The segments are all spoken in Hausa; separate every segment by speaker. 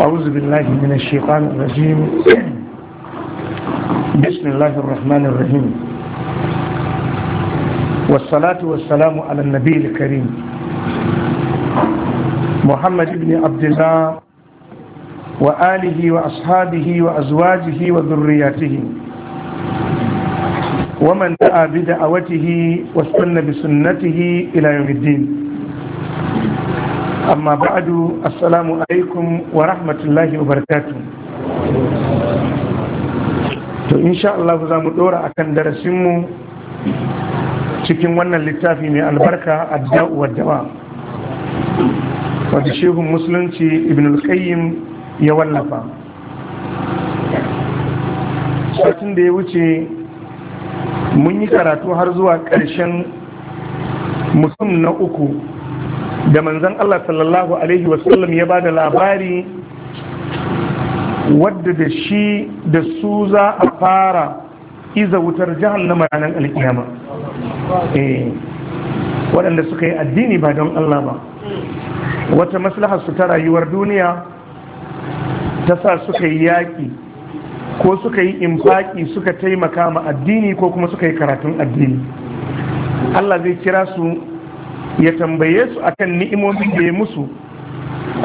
Speaker 1: أعوذ بالله من الشيطان الرجيم بسم الله الرحمن الرحيم والصلاة والسلام على النبي الكريم محمد بن عبد الله وآله وأصحابه وأزواجه وذرياته ومن دعا بدعوته واستنى بسنته إلى يوم الدين amma ba'adu assalamu alaikum wa rahmatullahi wa to insha Allah za mu dora akan darasinmu cikin wannan littafi mai albarka a wa dawa wadda shehun musulunci ibn al-qayyim ya wallafa satin da ya wuce mun yi karatu har zuwa ƙarshen mutum na uku da manzan Allah sallallahu alaihi wasallam ya ba da labari wadda da shi da su za a fara iza wutar jahannama ranar alkiyama eh, waɗanda suka yi addini ba don Allah ba wata maslahar su ta rayuwar duniya ta sa suka yi yaƙi ko suka yi infaƙi suka taimaka ma addini ko kuma suka yi karatun addini Allah zai kira su ya tambaye su akan ni'imomin da ya musu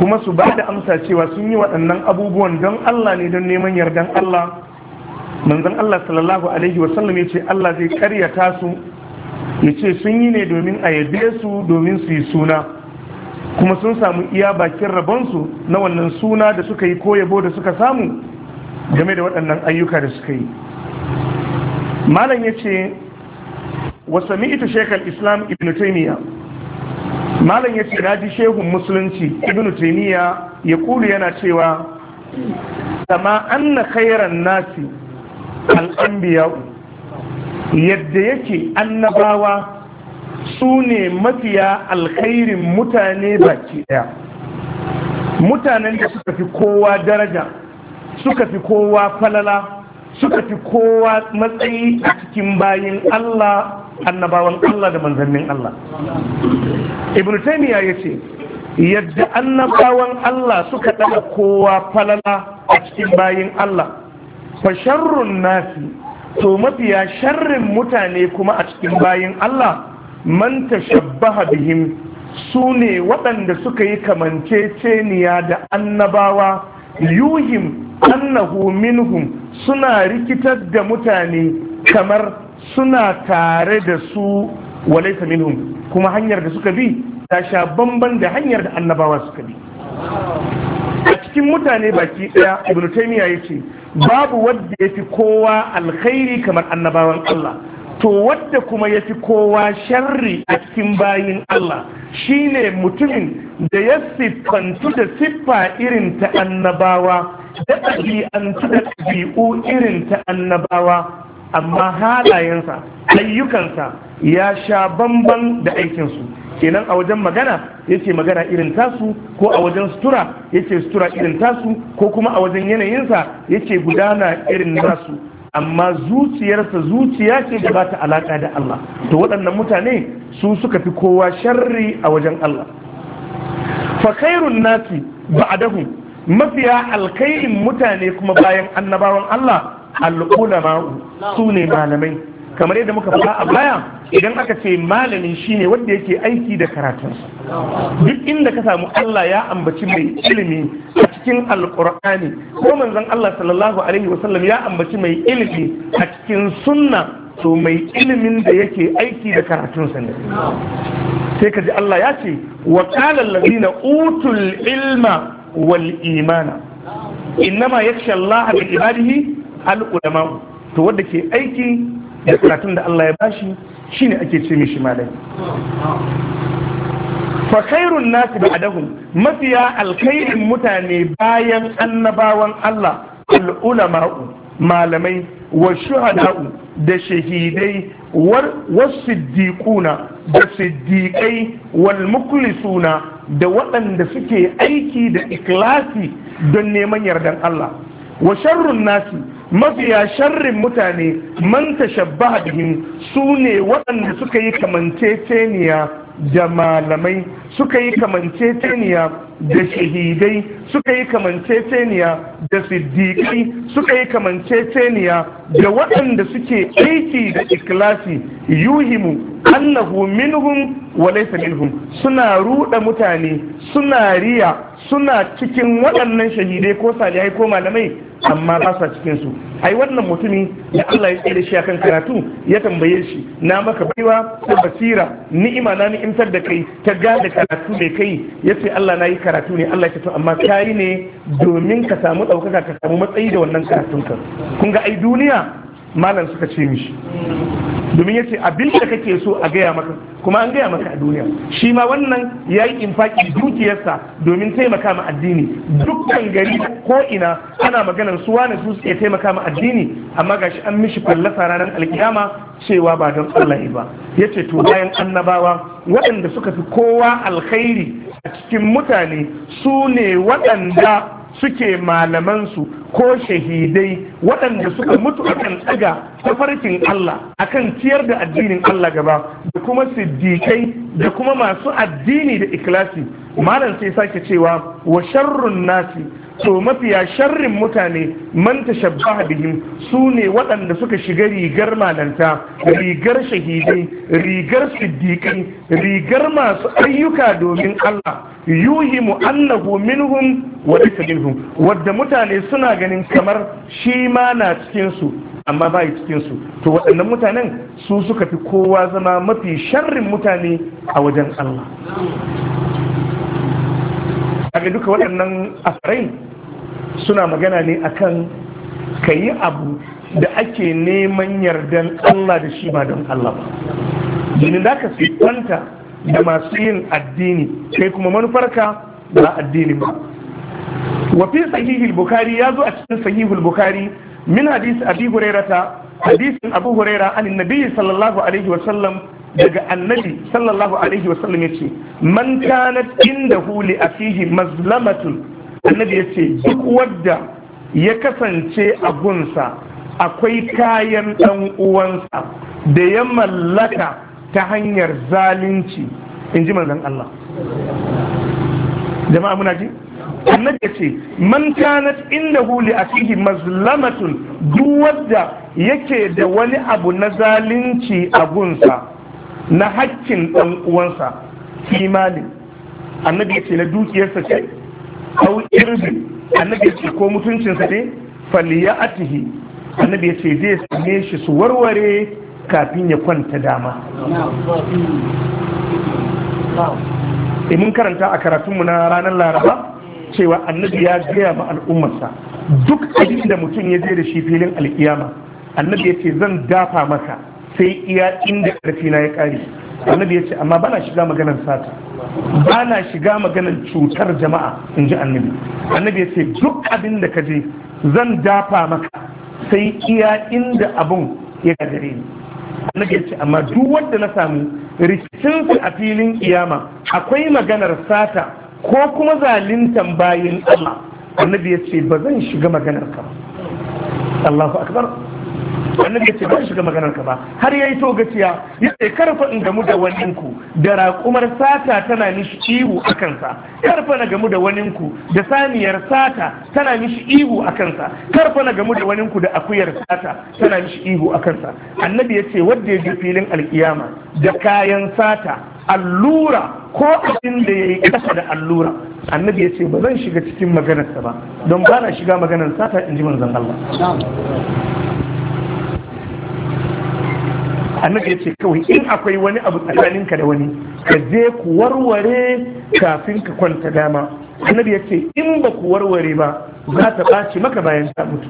Speaker 1: kuma su ba da amsa cewa sun yi waɗannan abubuwan don Allah ne don neman yardan Allah manzon Allah sallallahu alaihi wasallam ya ce Allah zai karyata su ya ce sun yi ne domin a yabe su domin su yi suna kuma sun samu iya bakin rabonsu na wannan suna da suka yi ko yabo da suka samu game da waɗannan ayyuka da suka yi malam ya ce wasu ita shekar islam ibn taymiyyah malam ya ce naji shehun musulunci ibnu taimiyya ya kulu yana cewa kama anna khairan nasi al'anbiya yadda yake annabawa su ne mafiya alkhairin mutane baki ɗaya. mutanen da suka fi kowa daraja suka fi kowa falala suka fi kowa matsayi a cikin bayin Allah annabawan Allah da manzannin Allah ibn ya ce, yadda annabawan Allah suka ɗaga kowa falala a cikin bayin Allah fa sharrun nasi to mafiya sharrin mutane kuma a cikin bayin Allah man tashabbaha bihim su ne waɗanda suka yi kamanceceniya da annabawa yuhim annahu minhum suna rikitar da mutane kamar suna tare da su walaita minhum kuma hanyar da suka bi ta sha bamban da hanyar da annabawa suka bi a cikin mutane baki daya ibnu taymiya yace babu wanda yafi kowa alkhairi kamar annabawan Allah to wadda kuma yafi kowa sharri a cikin bayin Allah shine mutumin da ya siffantu da siffa irin ta annabawa da ɗabi'antu da ɗabi'u irin ta annabawa amma halayensa ayyukansa ya sha bamban da aikinsu kenan a wajen magana ya ce magana irin tasu ko a wajen sutura ya ce sutura irin tasu ko kuma a wajen yanayinsa ya ce gudana irin nasu amma zuciyarsa zuciya ce da ba ta alaka da Allah to waɗannan mutane su suka fi kowa sharri a wajen Allah fa khairun nasi ba'dahu mafiya alkhairin mutane kuma bayan annabawan Allah al'ulama su ne malamai kamar yadda muka faɗa a baya idan aka ce malamin shine wanda yake aiki da karatunsa duk inda ka samu Allah ya ambaci mai ilimi a cikin alƙur'ani ko manzon Allah sallallahu alaihi wasallam ya ambaci mai ilimi a cikin sunna to mai ilimin da yake aiki da karatunsa ne sai ka ji Allah ya ce wa qala allazina utul ilma wal imana innama yakhsha Allah bi ibadihi al'ulama to wanda ke aiki da karatun da Allah ya bashi shine ake ce mishi malami fa khairun nasi ba'dahum mafiya alkhairin mutane bayan annabawan Allah al'ulama'u malamai wa shuhada'u da shahidai wasiddiquna da siddiqai wal muklisuna da waɗanda suke aiki da ikhlasi don neman yardan Allah wa sharrun nasi mafiya sharrin mutane man tashabbaha bihim su ne waɗanda suka yi kamanceceniya da malamai suka yi kamanceceniya da shahidai suka yi kamanceceniya da siddiƙai suka yi kamanceceniya da waɗanda suke aiki da ikilasi yuhimu annahu minhum wa laysa minhum suna ruɗa mutane suna riya suna cikin waɗannan shahidai ko salihai ko malamai amma ba sa cikin su ai wannan mutumi da Allah ya tsere shi akan karatu ya tambaye shi na maka baiwa ta basira ni'ima na ni'imtar da kai ta gane karatu da kai yace Allah na yi karatu ne Allah ya to amma kai ne domin ka samu ɗaukaka ka samu matsayi da wannan karatun ka kun ga ai duniya malam suka ce mishi domin ya ce abin da kake so a gaya maka kuma an gaya maka a duniya shi ma wannan ya yi infaki dukiyarsa domin taimaka ma addini dukkan gari ko ina ana maganar su wani su suke taimaka ma addini amma gashi an mishi fallasa ranar alkiyama cewa ba don Allah ba ya ce to bayan annabawa waɗanda suka fi kowa alkhairi a cikin mutane su ne waɗanda suke malamansu ko shahidai waɗanda suka mutu akan tsaga tafarkin Allah akan ciyar da addinin Allah gaba da kuma siddiƙai da kuma masu addini da ikilasi malam sai sake cewa wa sharrun nasi to mafiya sharrin mutane man tashabbaha bihim su ne waɗanda suka shiga rigar malanta rigar shahidai rigar siddiƙai rigar masu ayyuka domin Allah mu annahu minhum wa laysa minhum wadda mutane suna ganin kamar shi ma na cikin su amma bai cikin su to waɗannan mutanen su suka fi kowa zama mafi sharrin mutane a wajen Allah kaga duka waɗannan asarai suna magana ne akan kayi abu da ake neman yardan Allah da shi ba don Allah ba. Jini da ka fitanta da masu yin addini Sai kuma manufarka ba addini ba Wafi fi sahihul bukhari ya zo a cikin sahihul bukhari min hadisi abi hurairata hadisin abu huraira an nabi sallallahu alaihi wa sallam daga annabi sallallahu alaihi wa sallam yace man kanat indahu li afihi mazlamatun annabi yace duk wanda ya kasance a gunsa akwai kayan dan uwansa da ya mallaka ta hanyar zalunci in ji manzan Allah jama'a muna ji annabi ya ce man kanat inda huli a cikin mazlamatun duk wadda yake da wani abu na zalunci a gunsa na hakkin ɗan uwansa kimanin annabi ya ce na dukiyarsa ce au irbi annabi ya ce ko mutuncinsa ne a annabi ya ce zai same shi su warware kafin ya kwanta dama e mun karanta a karatunmu na ranar laraba cewa annabi ya gaya ma al'ummarsa duk abin da mutum ya je da shi filin al'iyama. annabi ya ce zan dafa maka sai iya inda ƙarfi na ya ƙari annabi ya ce amma bana shiga maganar sata bana shiga maganar cutar jama'a in ji annabi annabi ya ce duk abin da ka je zan dafa maka sai iya inda abun ya gagare ni nake ci amma duk wanda na samu su a filin kiyama akwai maganar sata ko kuma zalintan bayin Allah annabi ya ce ba zan shiga maganar ka Allahu akbar da ce ba shiga maganar ka ba har yayi to gaciya yace karfa in gamu da wanin ku da raƙumar sata tana mishi ihu a kansa karfa na gamu da wanin ku da saniyar sata tana mishi ihu a kansa karfa na gamu da wanin ku da akuyar sata tana mishi ihu a kansa annabi ce wanda ya ji filin alkiyama da kayan sata allura ko abin da ya yi kasa da allura annabi ya ce ba zan shiga cikin maganarsa ba don ba na shiga maganar sata in ji manzon Allah annabi ya ce kawai in akwai wani abu tsakaninka da wani ka je ku warware kafin ka kwanta dama annabi ya ce in ba ku warware ba za ta ɓaci maka bayan ta mutu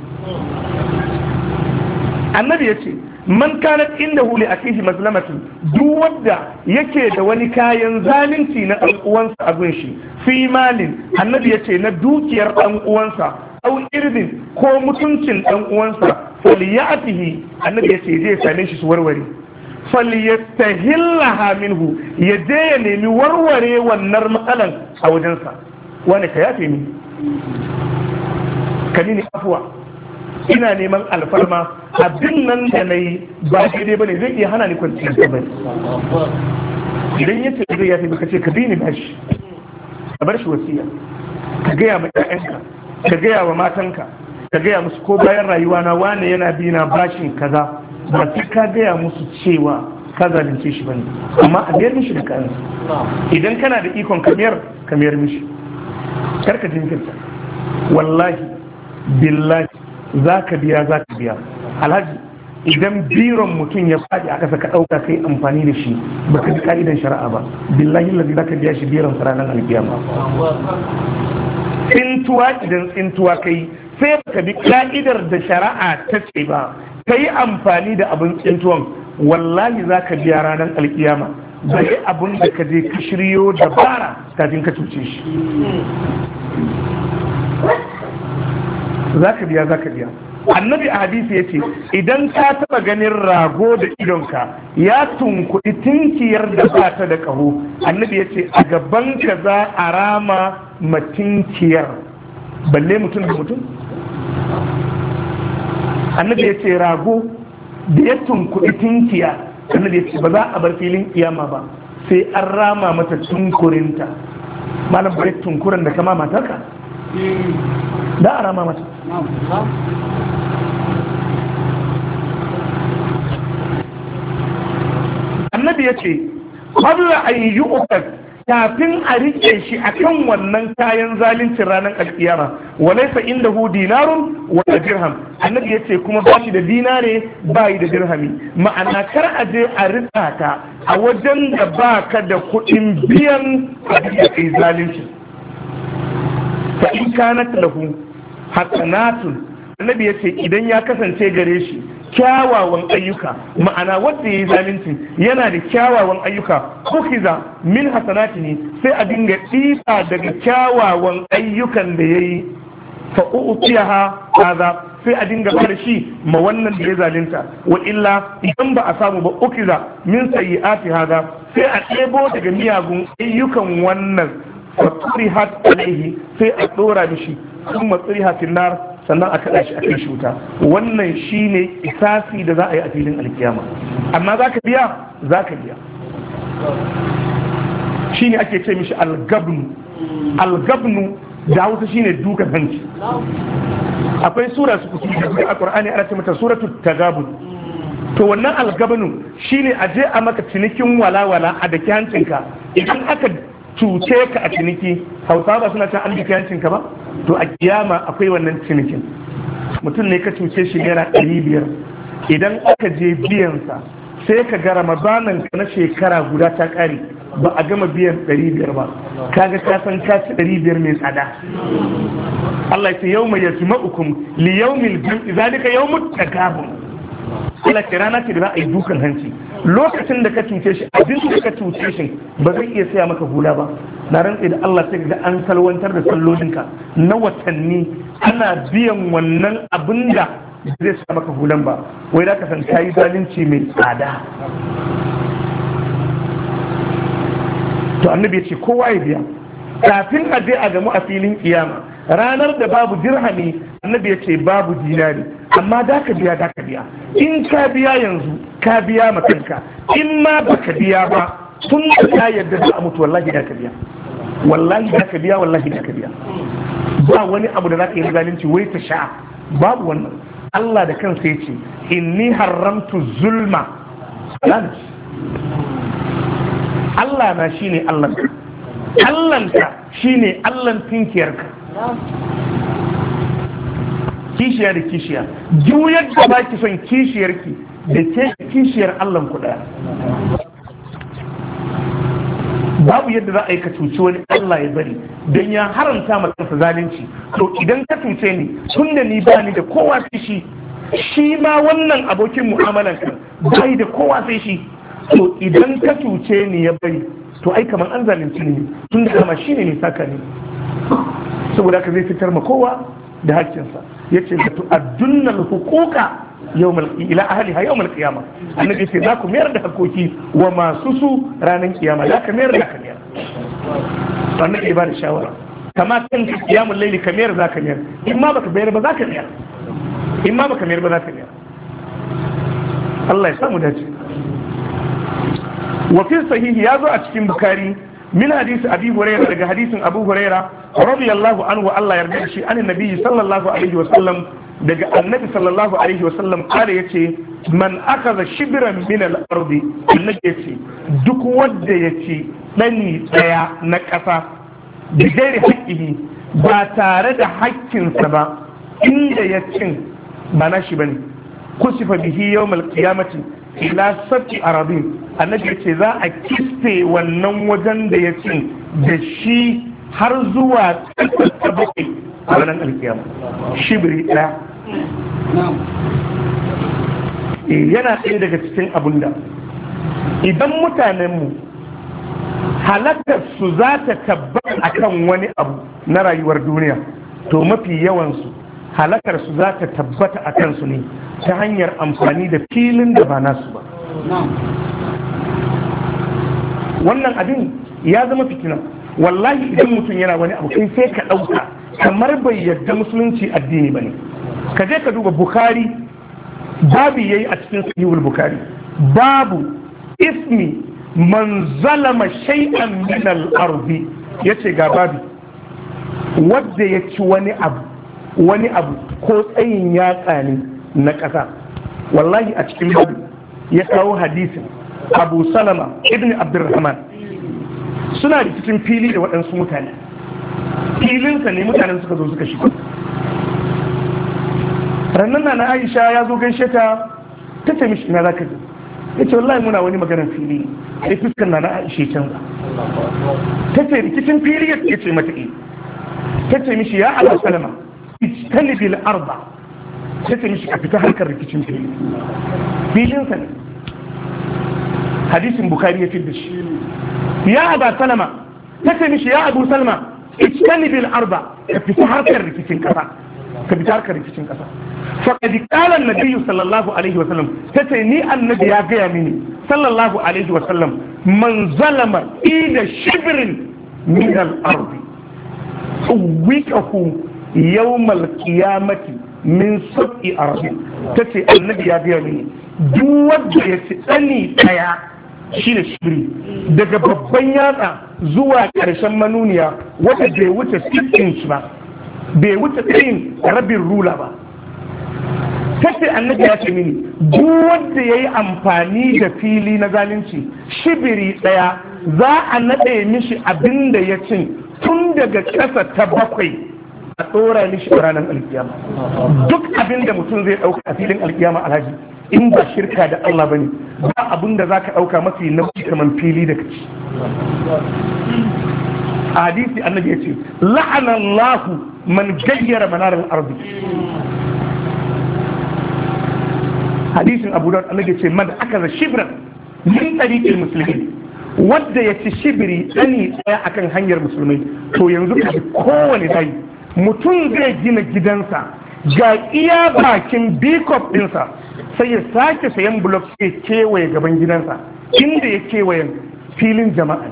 Speaker 1: annabi ya ce man kanat inda huli a kishi mazlamatin duk wadda yake da wani kayan zalunci na ɗan uwansa a shi fi malin annabi ya ce na dukiyar ɗanuwansa uwansa au ko mutuncin ɗan uwansa ya annabi ya ce zai same shi su warware falyastahillaha minhu ya je ya nemi warware wannan matsalan a wajensa wani ka yafe ni ka nini afuwa ina neman alfarma abin nan da na yi ba daidai ba ne zai iya hana ni kwanciyar da bai idan ya ce zai yafe baka ce ka bi ni bashi ka bar shi wasiya ka gaya ma 'ya'yanka ka gaya wa matanka ka gaya musu ko bayan rayuwa na wane yana bi na bashin kaza ba ta ka gaya musu cewa ka zalunce shi bane amma a biyar mishi da kayan idan kana da ikon kamiyar kamiyar mishi karka jinkirta wallahi billahi za ka biya za ka biya alhaji idan biron mutum ya faɗi a ƙasa ka ɗauka kai amfani da shi ba ka ka'idan shari'a ba billahi lalli za ka biya shi biron sa ranar alkiyama tsintuwa idan tsintuwa kai sai ka bi ka'idar da shari'a ta ce ba ka yi amfani da abin tsintuwan wallahi za ka biya ranar alkiyama ba yi abin da ka je ka shiryo da bara kafin ka cuce shi za ka biya za ka biya annabi a hadisi ya ce idan ka taba ganin rago da idonka ya tunkuɗi tinkiyar da ba ta da ƙaho annabi ya ce a gaban ka za a rama matinkiyar balle mutum da mutum annabi ya ce rago da ya tunkuɗi tunkiya annabi ya ce ba za a bar filin kiyama ba sai an rama mata tunkurinta malam bari tunkuran da kama matarka da a rama mata annabi ya ce qabla an yu'tad kafin a riƙe shi akan wannan kayan zaluncin ranar alkiyama inda hu dinarun wa dirham annabi ce kuma bashi da dinare bayi da dirhami ma'ana kar a je a rika ka a wajen da baka da kuɗin biyan a kai zalunci fa in kanat lahu hasanatun annabi yace idan ya kasance gare shi kyawawan ayyuka ma'ana wanda ya yi zalunci yana da kyawawan ayyuka kukiza min hasanati ne sai a dinga tsifa daga kyawawan ayyukan da ya yi ha kaza sai a dinga bada shi ma wannan da ya zalunta wa illa idan ba a samu ba ukiza min sayyi'ati haza sai a ɗebo daga miyagun ayyukan wannan fa turihat alaihi sai a dora mishi kuma turihatin nar sannan a kaɗa shi a kai shuta wannan shine isasi da za a yi a filin alkiyama amma za ka biya za ka biya ne ake ce mishi algabnu algabnu da hausa shine dukan hanci akwai sura su kusa a qur'ani ana ce mata suratu tagabun to wannan algabnu ne a je a maka cinikin walawala a daki hancinka idan aka cuce ka a ciniki hausawa ba suna can an daki hancinka ba to a kiyama akwai wannan cinikin mutum ne ka cuce shi naira ɗari biyar idan aka je biyansa sai ka ga ramadanan na shekara guda ta ƙare ba a gama biyan ɗari biyar ba kaga ka san ka ci ɗari biyar mai tsada Allah ya ce yau mai yaji ma'ukum li yau jam'i zalika yau mutakabun Allah ce rana ce da za a yi dukan hanci lokacin da ka cuce shi abin da ka cuce shi ba zai iya saya maka hula ba na rantsi da Allah sai ga an salwantar da sallolinka na watanni ana biyan wannan abin da zai saya maka hulan ba wai za ka san kayi zalunci mai tsada to annabi ya ce kowa ya biya kafin a je a gamu a filin kiyama ranar da babu dirhami annabi ya ce babu dinari amma da ka biya da ka biya in ka biya yanzu ka biya ma kanka in ma ba ka biya ba tun da yadda za a mutu wallahi da ka biya wallahi da ka biya wallahi da ka biya ba wani abu da za ka yi zalunci wai ta sha babu wannan Allah da kansa ya ce inni haramtu zulma Allah na shine Allah Allahnka shine Allahn tinkiyarka kishiya da kishiya duk yadda ba ki son kishiyarki da ke kishiyar Allah ku daya babu yadda za a yi ka cuci wani Allah ya bari don ya haramta ma zalunci to idan ka cuce ni tun da ni bani da kowa sai shi shi ma wannan abokin mu'amalan ka bai da kowa sai shi to idan ka cuce ni ya bari to ai kamar an zalunci ne tun da dama shine ne saka ne saboda haka zai fitar ma kowa da hakkinsa yace da hukuka huquqa yawmal ila ahliha yawmal qiyama annabi sai za ku mayar da hakoki wa masu su ranar kiyama za ka mayar da ka mayar ke ba da shawara kama kan kiyamun laili ka mayar za ka mayar in ma baka mayar ba za ka mayar in ma baka mayar ba za ka mayar Allah ya samu dace wa fi sahihi ya zo a cikin bukari min hadisi abi hurairah daga hadisin abu hurairah radiyallahu anhu Allah yarda shi an nabi sallallahu alaihi wasallam daga annabi sallallahu alaihi wasallam kare yace man akaza shibran min al-ardi annabi yace duk wanda yace dani ɗaya na ƙasa. da gairi haƙƙihi ba tare da haƙƙinsa ba inda ya cin ba na shi bane kusifa bihi yawmal qiyamati ila sabki arabin annabi ce za a kiste wannan wajen da ya ce da shi har zuwa ta bakwai a ranar alkiyama shibiri ɗaya eh, yana ɗaya daga cikin abin da idan mutanenmu su za ta tabbata akan wani abu na rayuwar duniya to mafi yawansu halakar su za ta tabbata a kansu ne ta hanyar amfani da filin da ba nasu ba wannan abin ya zama fitina wallahi idan mutum yana wani abu kai sai ka ɗauka kamar bai yarda musulunci addini ba ne ka je ka duba Bukhari, babu yayi a cikin sahihul bukari babu ismi man zalama shay'an min al-ardi yace ga babu wanda ya ci wani abu wani abu ko tsayin ya ne na ƙasa wallahi a cikin babu ya kawo hadisin abu salama ibn abdurrahman suna da cikin fili da waɗansu mutane filinsa ne mutanen suka zo suka shigo rannan na aisha ya zo gaishe ta ta ce mishi na zaka je ya ce wallahi muna wani maganar fili sai fuskar na na aisha canza ta ce rikicin fili ya ce mata eh. ta ce mishi ya ala salama اجتلب الأرض ستر مش عفتا هلك الركتين في بيلين سنة حديث بخاري في الدش يا أبا سلمة ستر مش يا أبو سلمة اجتلب الأرض عفتا هلك الركتين كفا كبتا هلك الركتين كفا فقد قال النبي صلى الله عليه وسلم تتني النبي يا مني صلى الله عليه وسلم من ظلم إلى شبر من الأرض ويكفو yawmal qiyamati min sab'i arbi tace annabi ya gaya mini duk wanda ya ci tsani daya shine shiri daga babban yatsa zuwa karshen manuniya wata bai wuce 6 ba bai wuce tsayin rabin rula ba tace annabi ya ce mini duk wanda yayi amfani da fili na zalunci shibiri daya za a naɗe mishi abin da ya cin tun daga ƙasa ta bakwai a tsora mishi a ranar alkiyama duk abin da mutum zai ɗauka a filin alkiyama alhaji in ba shirka da Allah bane ba abin da zaka ɗauka mafi nauyi kamar fili da kaci hadisi annabi ya ce la'ana Allahu man gayyara manaral ardi hadisin Abu Dawud annabi ya ce man akaza shibran min tariqil muslimin wadda ya ci shibiri ɗani ɗaya akan hanyar musulmai to yanzu ka kowane layi mutum zai gina gidansa ga iya bakin bikop dinsa sai ya sake sayan blok sai kewaye gaban gidansa inda ya kewaye filin jama'a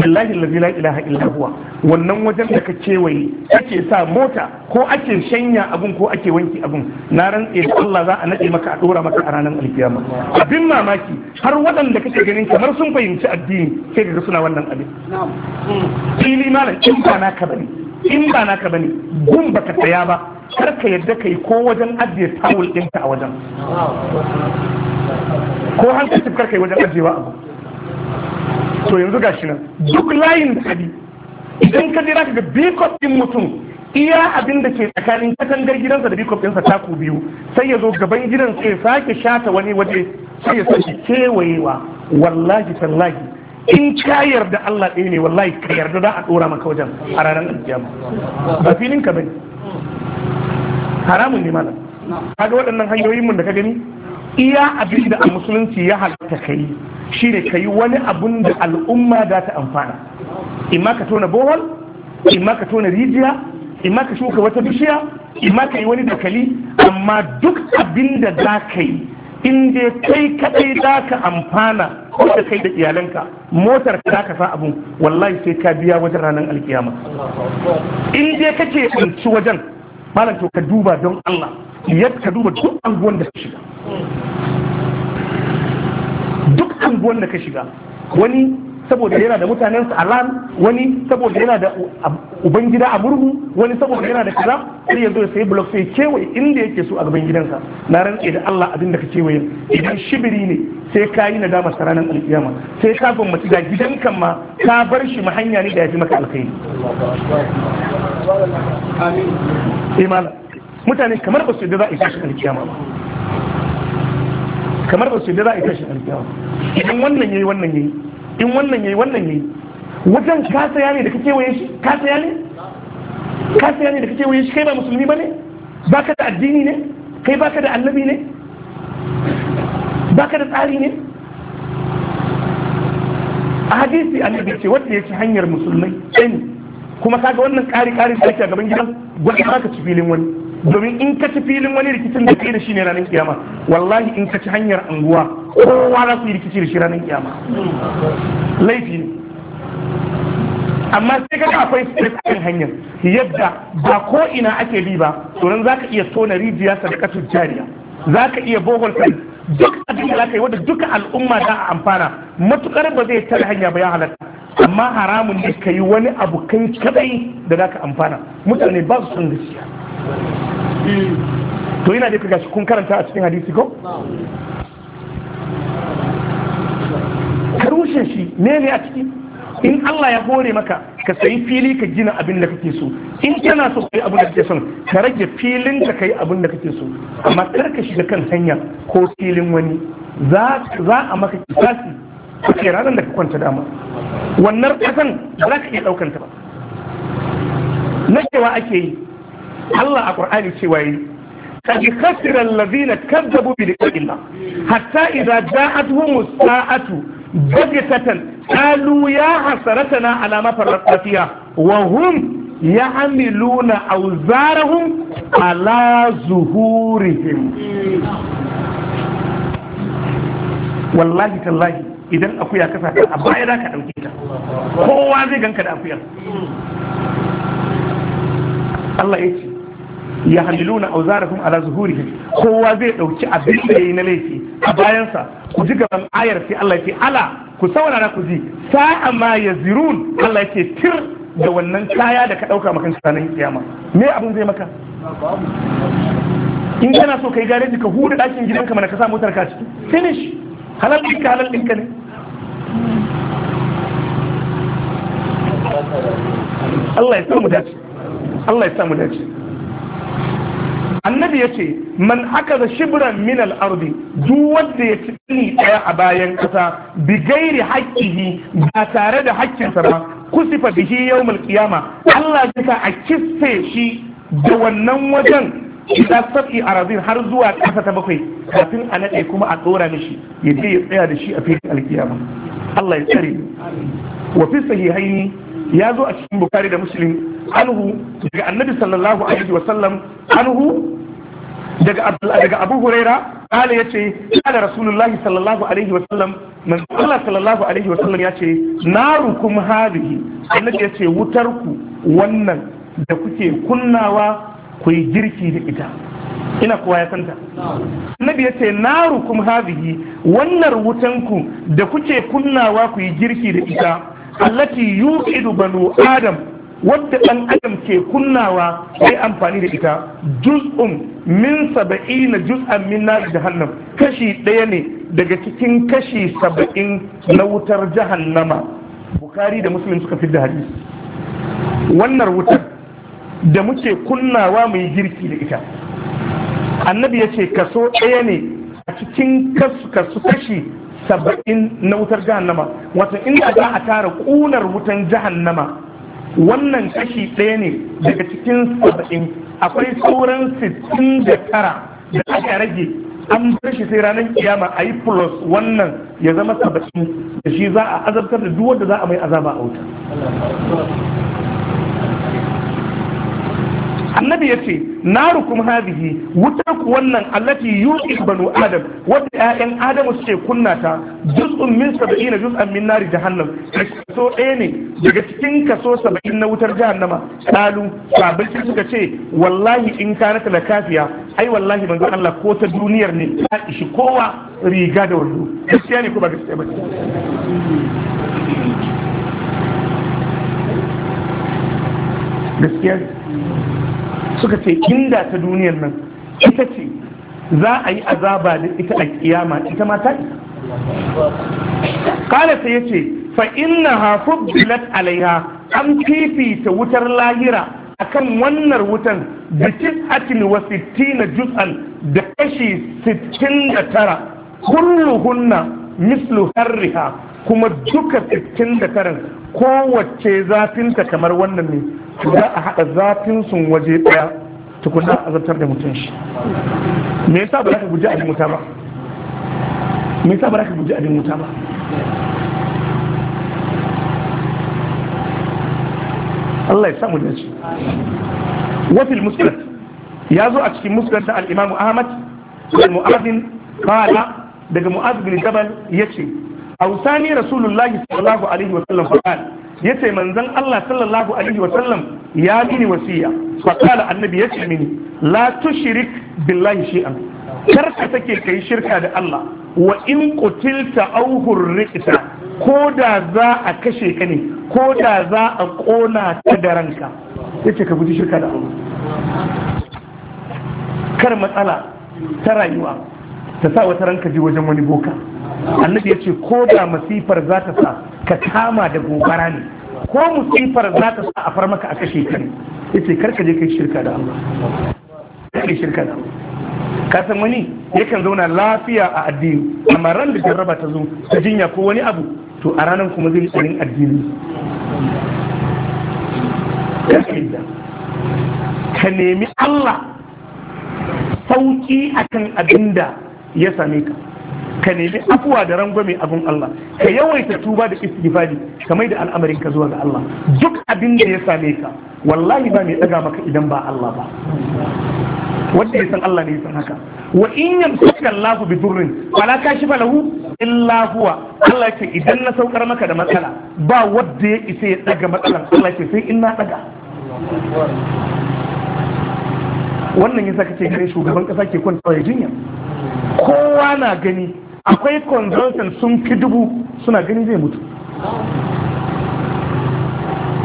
Speaker 1: billahi la ilaha illa huwa wannan wajen da ka kewaye ake sa mota ko ake shanya abun ko ake wanki abun na rantse da Allah za a nade maka a dora maka a ranar alkiyama abin mamaki har waɗanda kake ganin kamar sun fahimci addini sai ga suna wannan abin fili malam in ba naka in ba naka bane gun baka tsaya ba kar ka yadda kai ko wajen ajiye tawul ɗinka a wajen ko hankali kar kai wajen ajiyewa abu to yanzu gashi nan duk layin da idan ka jira ka ga bikop ɗin mutum iya abin da ke tsakanin katangar gidansa da bikop ɗinsa taku biyu sai ya zo gaban gidan sai ya sake shata wani waje sai ya sake kewayewa wallahi tallahi in ka yarda Allah ɗaya ne wallahi ka yarda za a ɗora maka wajen a ranar alkiyama ba filin ka bane haramun ne malam kaga waɗannan hanyoyin mun da ka gani iya abin da a musulunci ya halatta ka yi shine ka yi wani abun da al'umma za ta amfana imma ka tona bohol imma ka tona rijiya imma ka shuka wata bishiya imma ka yi wani dakali amma duk abin da za ka yi in dai kai kaɗai za ka amfana ko da kai da iyalanka motar ka ka sa abun wallahi sai ka biya wajen ranar alkiyama in dai kake ci wajen malam to ka duba don Allah yadda ka duba duk anguwan da ka shiga duk anguwan da ka shiga wani saboda yana da mutanen sa alan wani saboda yana da ubangida a murhu wani saboda yana da kaza sai yanzu ya sayi block sai kewaye inda yake so a gaban gidansa na rantsa da Allah abin da ka kewaye idan shibiri ne sai ka yi nadama ta ranar alkiyama sai ka gwammaci da kan ma ka bar shi ma hanya ne da ya fi maka alkhairi eh, amin mutane kamar ba su yadda za a yi tashi alkiyama ba kamar ba su yadda za a yi alkiyama idan wannan yayi wannan yayi in wannan yayi wannan yayi wajen ka saya ne da kake waye shi ka saya ne ka saya ne da kake waye shi kai ba musulmi bane baka da addini ne kai baka da annabi ne baka da tsari ne a hadisi annabi ce wanda ya ci hanyar musulmai ɗani kuma kaga wannan ƙari ƙari da ake a gaban gidan gwada ka ci filin wani domin in ka ci filin wani rikicin da kai da shi ne ranar kiyama wallahi in ka ci hanyar anguwa kowa za su yi rikici da shi ranar kiyama laifi ne amma sai ka akwai sirrin hanyar yadda ba ko ina ake bi ba tsoron za ka iya tona rijiya sadaqatul jariya za ka iya bohol kai duk abin da za ka yi wadda duka al'umma za a amfana matukar ba zai tare hanya ba ya halatta amma haramun ne ka yi wani abu kai kadai da za ka amfana mutane ba su son gaskiya to yana da kaga kun karanta a cikin hadisi ko ka rushe shi ne ne a ciki in Allah ya hore maka ka sayi fili ka gina abin da kake so in kana so kai abin da kake so ka rage filin ka kai abin da kake so amma kar ka shiga kan hanya ko filin wani za a maka kisasi a ranar da ka kwanta dama wannan kasan ba za ka iya daukan ba na cewa ake yi Allah a Ƙur'ani ce waye kaji kasiran lazina kadda bubi da ƙa'ila hatta idza ja'at humu sa'atu bagatatan qalu ya hasaratana ala ma farraqatiha wa hum ya'miluna awzarahum ala zuhurihim wallahi tallahi idan akuya ka saka a baya za ka dauke ta kowa zai ganka da akuyar Allah ya a zarafin ala zuhurihim kowa zai dauki abin da yi na laifi a bayansa ku ji gaban ayar sai Allah ce ala ku saurara ku ji sa'a ma zirun. Allah ce tir da wannan kaya da ka dauka maka sanan kiyama me abin zai maka in kana so kai gareji ka huda dakin gidanka mana ka sa motar ka ciki finish halal ka halal ka ne Allah ya samu dace Allah ya samu dace annabi ya ce man aka da shibran min al'ardi duk wanda ya ci tsini ɗaya a bayan ƙasa bi gairi haƙƙihi ba tare da haƙƙinsa ba kusifa bihi yawmul qiyama Allah ya sa a kisse shi da wannan wajen ila sab'i arazin har zuwa ƙasa ta bakwai kafin a naɗe kuma a ɗora mishi ya je ya tsaya da shi a fili alkiyama Allah ya tsare wa fi sahihaini ya zo a cikin bukari da muslim anhu daga annabi sallallahu alaihi wa sallam anhu daga daga abu huraira kala yace kala rasulullahi sallallahu alaihi wa sallam man Allah sallallahu alaihi wa sallam yace narukum hadhihi annabi yace wutar ku wannan da kuke kunnawa ku yi girki da ita ina kowa ya santa annabi ya ce narukum hadhihi wannan wutanku da kuke kunnawa ku yi girki da ita allati yuqidu banu adam wadda dan adam ke kunnawa sai amfani da ita juz'un min saba'ina juz'an min nar jahannam kashi daya ne daga cikin kashi saba'in na wutar jahannama bukari da muslim suka fidda hadisi wannan wutar da muke kunnawa mai girki da ita annabi ya ce kaso daya ne a cikin kasu kashi saba'in na wutar jahannama wato inda za a tara ƙunar wutan jahannama wannan kashi ɗaya ne daga cikin saba'in akwai sauran sittin da tara da aka rage an bar shi sai ranar kiyama a yi plus wannan ya zama saba'in da shi za a azabtar da duk wanda za a mai azaba a wuta annabi ya ce na rukun hadihi wutar ku wannan allati yuqid banu adam wadda 'ya'yan adamu suke kunna ta juz'un min na juz'an min nari jahannam kaso ɗaya ne daga cikin kaso 70 na wutar jahannama kalu sabai suka ce wallahi in kana na kafiya ai wallahi manzo Allah ko ta duniyar ne ta ishi kowa riga da wando gaskiya ne ko ba gaskiya ba gaskiya suka ce inda ta duniyar nan ita ce za a yi azaba da ita a kiyama ita ma ta kala sai ya ce fa inna ha fubbilat alaiha an fifita wutar lahira akan wannan wutan da tis'atin wa na juz'an da kashi sittin da tara kulluhunna mislu harriha kuma duka sittin da taran kowace zafinta kamar wannan ne to za a haɗa zafin sun waje ɗaya tukuna a zartar da mutum shi me yasa ba za ka guji abin wuta ba me yasa ba za ka guji abin wuta ba Allah ya samu da shi wafil musnad ya zo a cikin musnad da al-Imam Ahmad da Mu'adh qala daga Mu'adh bin Jabal yace awsani Rasulullahi sallallahu alaihi wa sallam qala yace manzon Allah sallallahu alaihi wa sallam ya mini wasiya fa annabi annabi ce mini la tushrik billahi shay'an kar ka take kai shirka da Allah wa in qutilta aw ko da za a kashe ka ne ko da za a kona ka da ranka yace ka guji shirka da Allah kar matsala ta rayuwa ta sa wata ranka ji wajen wani boka annabi ya ce ko da masifar za ta sa ka kama da gobara ne ko masifar za ta sa a far maka a kashe ka ya ce karka je kai shirka da Allah kai shirka da ka san wani yakan zauna lafiya a addini amma ran da jarraba ta zo ta jinya ko wani abu to a ranar kuma zai tsarin addini ka nemi Allah sauki akan abinda ya same ka ka nemi afuwa da rangwame abin Allah ka yawaita tuba da istighfari ka mai da al'amarin ka zuwa ga Allah duk abin da ya same ka wallahi ba mai daga maka idan ba Allah ba wanda ya san Allah ne ya san haka wa in yamsaka Allahu bi durrin fala kashifa lahu illa huwa Allah ce idan na saukar maka da matsala ba wanda ya isa ya daga matsalan Allah ce sai in na daga wannan yasa kace kai shugaban kasa ke kwanta ya jinya kowa na gani akwai consultant sun fi dubu suna gani zai mutu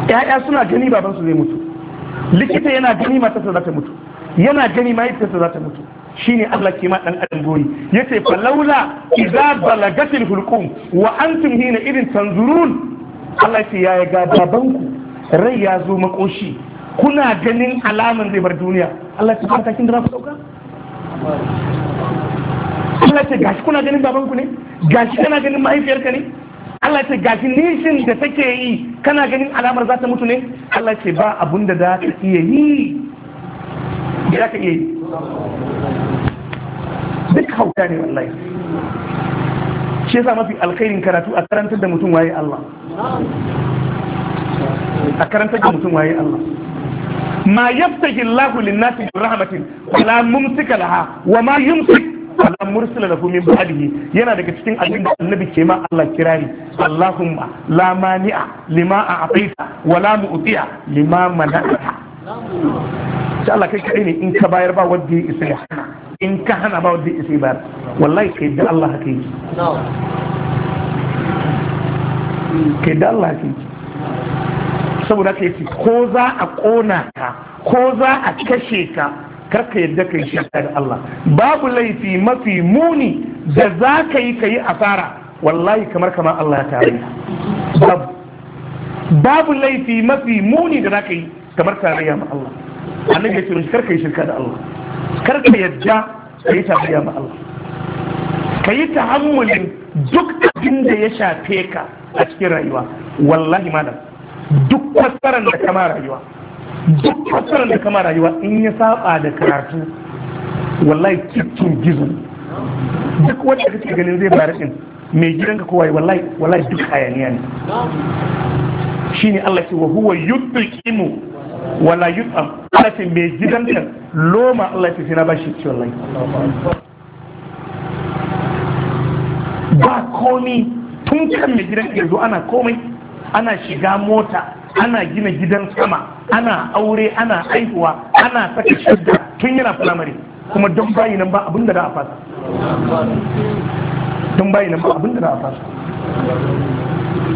Speaker 1: ya'ya suna gani babansu zai mutu likita yana gani matarsa za ta mutu yana gani mahaifiyarsa za ta mutu shine Allah ke ma dan adam goyi yace fa laula idza balagatil hulqum wa antum hina idin tanzurun Allah ce yaya ga babanku rai ya zo makoshi kuna ganin alaman zai bar duniya Allah ce ba kin ku dauka Allah ce gashi kuna ganin babanku ne gashi kana ganin mahaifiyarka ne Allah ce gashi nishin da take yi kana ganin alamar za ta mutu ne Allah ce ba abun da za ka iya yi za ka iya yi duk hauta ne wallahi shi yasa mafi alkhairin karatu a karantar da mutum waye Allah a karantar da mutum waye Allah ma yaftahi Allahu lin-nasi bi rahmatin wala mumsika laha wa ma yumsik ala mursala lahu min ba'dihi yana daga cikin abinda annabi ke ma Allah kirari Allahumma la mani'a lima a'taita wa la mu'tiya lima mana'ata sai Allah kai kai ne in ka bayar ba wanda ya isa ya hana in ka hana ba wanda ya isa ya bayar wallahi kai da Allah haka yi kai da Allah haka yi saboda ka yi ko za a kona ka ko za a kashe ka karka yadda kai shirka da Allah babu laifi mafi muni da za ka yi ka yi asara wallahi kamar kama Allah ya tare babu babu laifi mafi muni da za ka yi kamar tarayya ma Allah annabi ya ce karka yi shirka da Allah karka yadda ka yi tarayya ma Allah ka yi tahammulin duk abin da ya shafe ka a cikin rayuwa wallahi malam duk fasaran da kama rayuwa duk fassarar da kama rayuwa in ya saba da karatu wallahi cikin gizo duk wanda kake ganin zai fara din mai gidanka kowa wallahi wallahi duk hayaniya ne shine Allah ce wa huwa yudqimu wala yudqam Allah ce mai gidanka loma Allah ce sai na bashi ci wallahi ba komi tun kan mai gidanka yanzu ana komai ana shiga mota ana gina gidan sama ana aure ana aihuwa ana saka shadda tun yana firamare kuma don bayi nan ba abin da za a fasa don bayi nan ba abin da za a fasa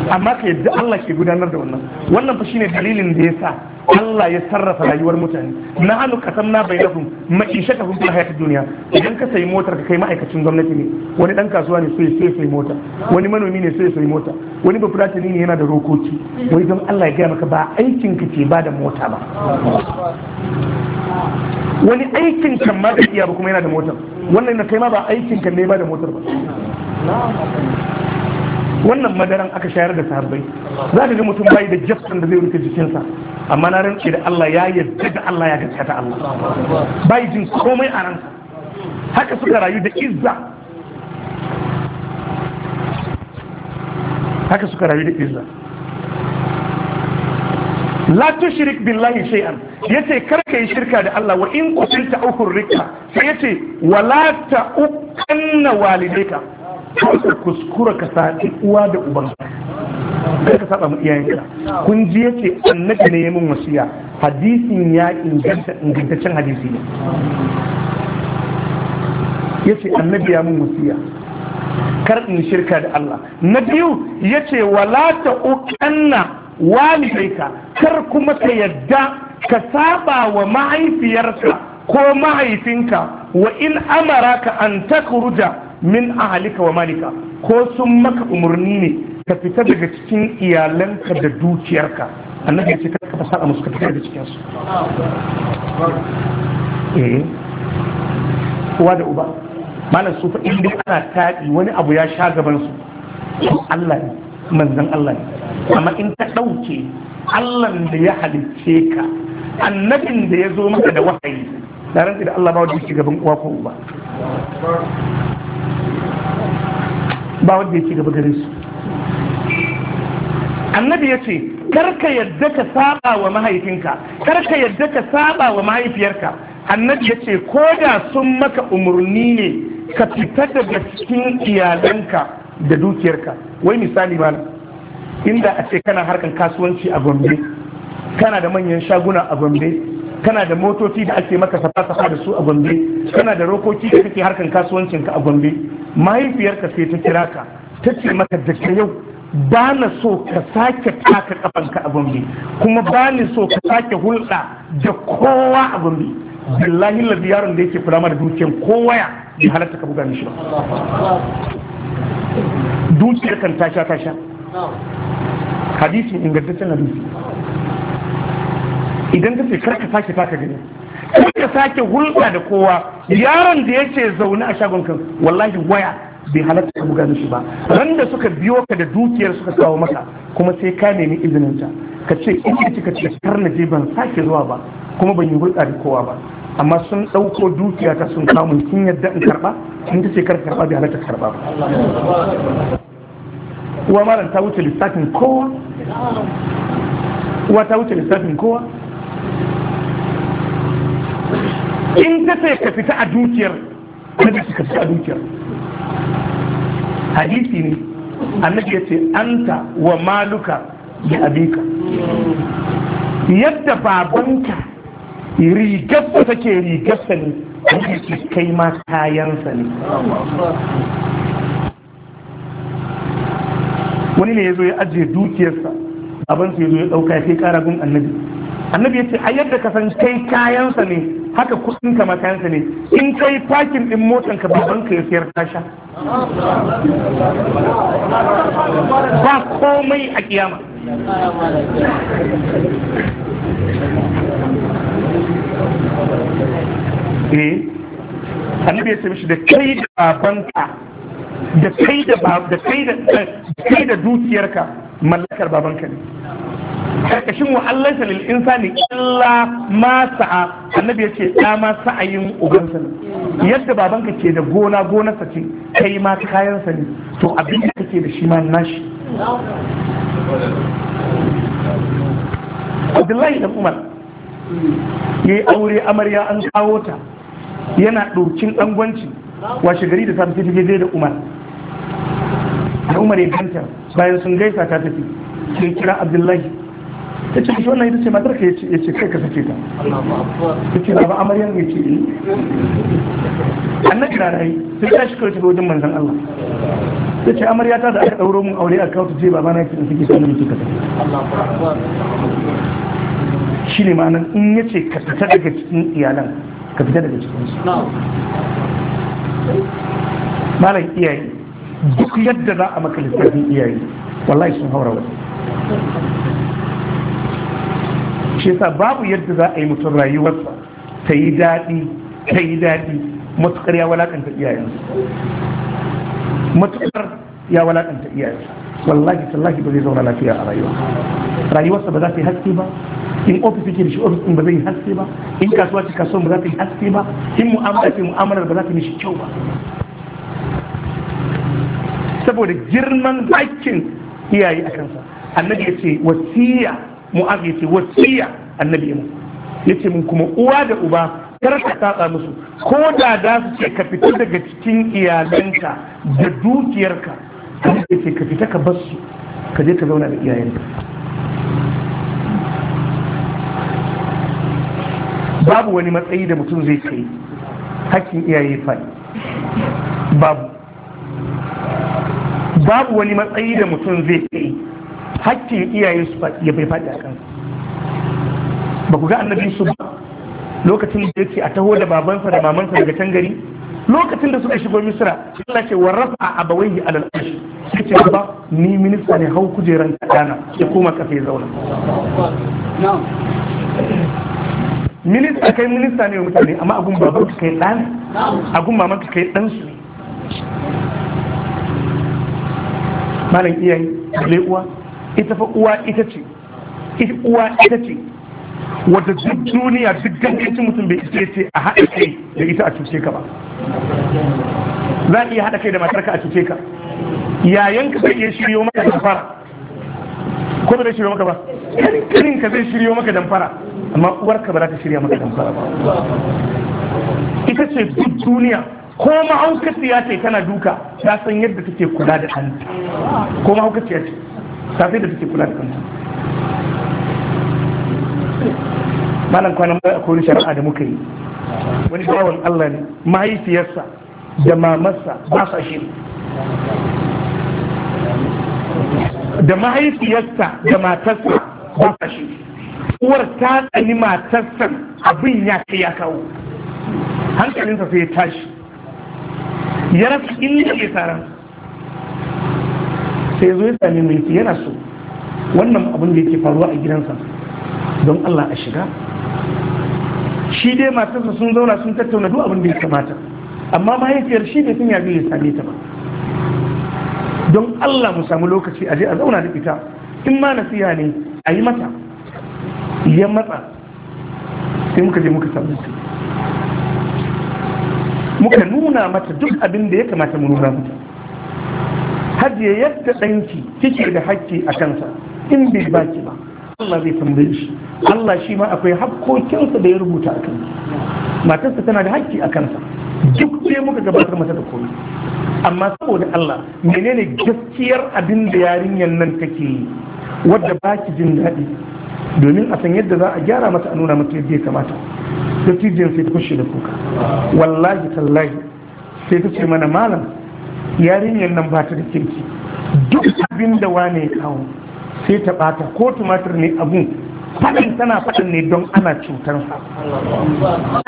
Speaker 1: amma ka yadda Allah ke gudanar da wannan wannan fa shine dalilin da yasa Allah ya sarrafa rayuwar mutane na na bai samna mai shaka hum a hayatid duniya. idan ka sayi motar ka kai ma'aikacin gwamnati ne wani dan kasuwa ne sai sai sai mota wani manomi ne sai sai mota wani bafulatani ne yana da rokoki wai don Allah ya gaya maka ba aikin ka ke ba da mota ba wani aikin kan ma da iya ba kuma yana da motar wannan na kai ma ba aikin kan ne ba da motar ba wannan madaran aka shayar da sahabbai za ka ga mutum bai da jafsan da zai rufe jikinsa amma na rance da Allah ya yarda da Allah ya gaskata Allah bai jin komai a ransa haka suka rayu da izza haka suka rayu da izza la tushrik billahi shay'an yace kar kai shirka da Allah wa in qutilta au hurrika sai yace wala ta'ukanna walidayka ka kuskura ka saɗi uwa da uban kai ka saba mu iyayenka kun ji yace annabi ne ya wasiya hadisin ya inganta ingantaccen hadisi ne yace annabi ya mun wasiya kar in shirka da Allah na biyu yace wala ta ukanna walidaika kar kuma ka yadda ka saba wa mahaifiyarka ko mahaifinka wa in amara ka an takuruja min ahalika wa malika ko sun maka umarni ne ka fita daga cikin iyalanka da dukiyarka annabi ya ce ka fasa musu ka fita daga cikin su eh da uba malam su fa in ana taɗi wani abu ya sha gaban su Allah ne manzon Allah ne amma in ta ɗauke Allah da ya halicce ka annabin da ya zo maka da wahayi na rantsi da Allah ba wanda ci gaban uwa ba, ba ba wanda ci gaba gare su annabi ya ce karka yadda ka saba wa mahaifinka karka yadda ka saba wa mahaifiyarka annabi ya ce ko da sun maka umarni ne ka fita daga cikin iyalanka da dukiyarka wai misali ba inda a ce kana harkan kasuwanci a gombe kana da manyan shaguna a gombe kana da motoci da ake maka safa-safa da su a gombe kana da rokoki da kake harkan kasuwancinka a gombe mahaifiyarka sai ta kira ka ta ce maka da ka yau ba na so ka sake taka kafanka a gombe kuma ba ni so ka sake hulɗa da kowa a gombe billahi lafi yaron da yake fura da dukiyar kowa ya bi halatta ka buga mishi ba dukiyar kan tasha tasha hadisi ingantaccen hadisi idan ka ce karka sake taka gani ka sake hulɗa da kowa yaron da yake zaune a shagon kan wallahi waya bai halatta ka buga mishi ba ran da suka biyo ka da dukiyar suka kawo maka kuma sai ka nemi izinin ta ka ce ita ka ce kar na je ban sake zuwa ba kuma ban yi hulɗa da kowa ba amma sun ɗauko dukiya ta sun kamu sun yadda in karɓa sun ta ce kar karɓa bai halatta karɓa ba uwa malam ta wuce lissafin kowa uwa ta wuce lissafin kowa in ka sai ka fita a dukiyar kada ka fita a dukiyar hadisi ne annabi ya ce anta wa maluka da abinka yadda babanka rigarsa take rigarsa ne wanda kai ma kayansa ne wani ne ya zo ya ajiye dukiyarsa babansa ya zo ya ɗauka ya kai ƙara gun annabi annabi yace a yadda ka san kai kayansa ne haka kudin ma kayansa ne in kai fakin din motan ka babban ka ya siyar tasha ba komai a kiyama eh annabi yace mishi da kai da babanka da da kai da dukiyarka mallakar babanka ne karkashin sanin lil insani illa ma sa'a annabi yace da ma sa'ayin ubansa ne yadda babanka ke da gona gonarsa ce kai ma kayansa ne to abin da kake da shi ma nashi Abdullahi da Umar ya yi aure amarya an kawo ta yana ɗokin ɗangwanci washe gari da safi tafi da Umar da Umar ya ganta bayan sun gaisa ta tafi sai kira Abdullahi ya ce mishi wannan ita ce matarka ya ce kai ka sake ta ta ce ba amaryar ya ce ni
Speaker 2: eh.
Speaker 1: annabi na rai sai ta shi kawai ta wajen manzan Allah ta ce amarya ta da aka ɗauro mun aure a kawai ta ce baba na ya ce sake ta shi ne ma'anar in ya ce ka fita daga cikin iyalan ka fita daga cikin su malam iyaye duk yadda za a maka littafin iyaye wallahi sun haura wasu shi yasa babu yadda za a yi mutum rayuwarsa ta yi daɗi ta yi daɗi matuƙar ya walakanta iyayensa matuƙar ya walakanta iyayensa wallahi tallahi ba zai zauna lafiya a rayuwa rayuwarsa ba za ta yi haske ba in ofis yake da shi ofis ba zai yi haske ba in kasuwa ce kasuwa ba za ta yi haske ba in mu'amala ce mu'amalar ba za ta yi shi kyau ba saboda girman hakkin iyaye a kansa annabi ya ce wasiya mu'az ya ce wasiya annabi mu yace mun kuma uwa da uba kar ka tsatsa musu ko da da su ce ka fita daga cikin iyalanka da dukiyarka ya ce ka fita ka bar su ka je ka zauna da iyayenka babu wani matsayi da mutum zai kai hakkin iyaye fadi babu babu wani matsayi da mutum zai kai hakkin iyayen su ya bai faɗi a kansa. ba ku ga annabi su ba lokacin da yake a taho da babansa da mamansa daga can gari lokacin da suka shigo Misira. Allah ce warrafa a abawaihi alal arsh sai ce ba ni minista ne hau kujeran kadana ya koma kafe zauna minista kai minista ne mutane amma agun baban ka kai dan agun maman ka kai dan su malam iyaye uwa ita fa uwa ita ce uwa ita ce wata duk duniya duk gangancin mutum bai iske ce a haɗa kai da ita a cuce ka ba za a iya haɗa kai da matarka a cuce ka yayan ka zai iya shiryo maka damfara ko bai shiryo maka ba karin ka zai shiryo maka damfara amma uwar ka ba za ta shirya maka damfara ba ita ce duk duniya ko ma'aukaciya ce tana duka ta san yadda take kula da ɗanta ko ma'aukaciya ce safi da suke kula da kanta, malam kwanan bai kori shari'a da muka yi wani bawan Allah ne mahaifiyarsa da mamarsa ba sa shi da mahaifiyarsa da matarsa ba sa shi uwar ta tsani matarsa abin ya kai ya kawo hankalinsa sai ya tashi ya rasa inda ya tsaransa sai zo ya same mu yace yana so wannan abin da yake faruwa a gidansa don Allah a shiga shi dai matarsa sun zauna sun tattauna duk abin da ya kamata amma mahaifiyar shi bai san ya ya same ta ba don Allah mu samu lokaci a je a zauna da ita in ma nasiha ne a yi mata ya matsa sai muka je muka samu muka nuna mata duk abin da ya kamata mu nuna mata ajiye yadda ɗanki kike da hakki a kansa in bai baki ba Allah zai tambaye shi Allah shi ma akwai hakkokinsa da ya rubuta a kansa matarsa tana da hakki a kansa duk sai muka gabatar mata da komai amma saboda Allah menene gaskiyar abin da yarinyar nan take yi wadda ba ki jin daɗi domin a san yadda za a gyara mata a nuna mata yadda ya kamata da tijin sai ta kushe da kuka wallahi tallahi sai ta ce mana malam yarinyar nan ba ta da kirki duk abin da wane ya kawo sai ta bata ko tumatir ne abun fadan tana fadan ne don ana cutar sa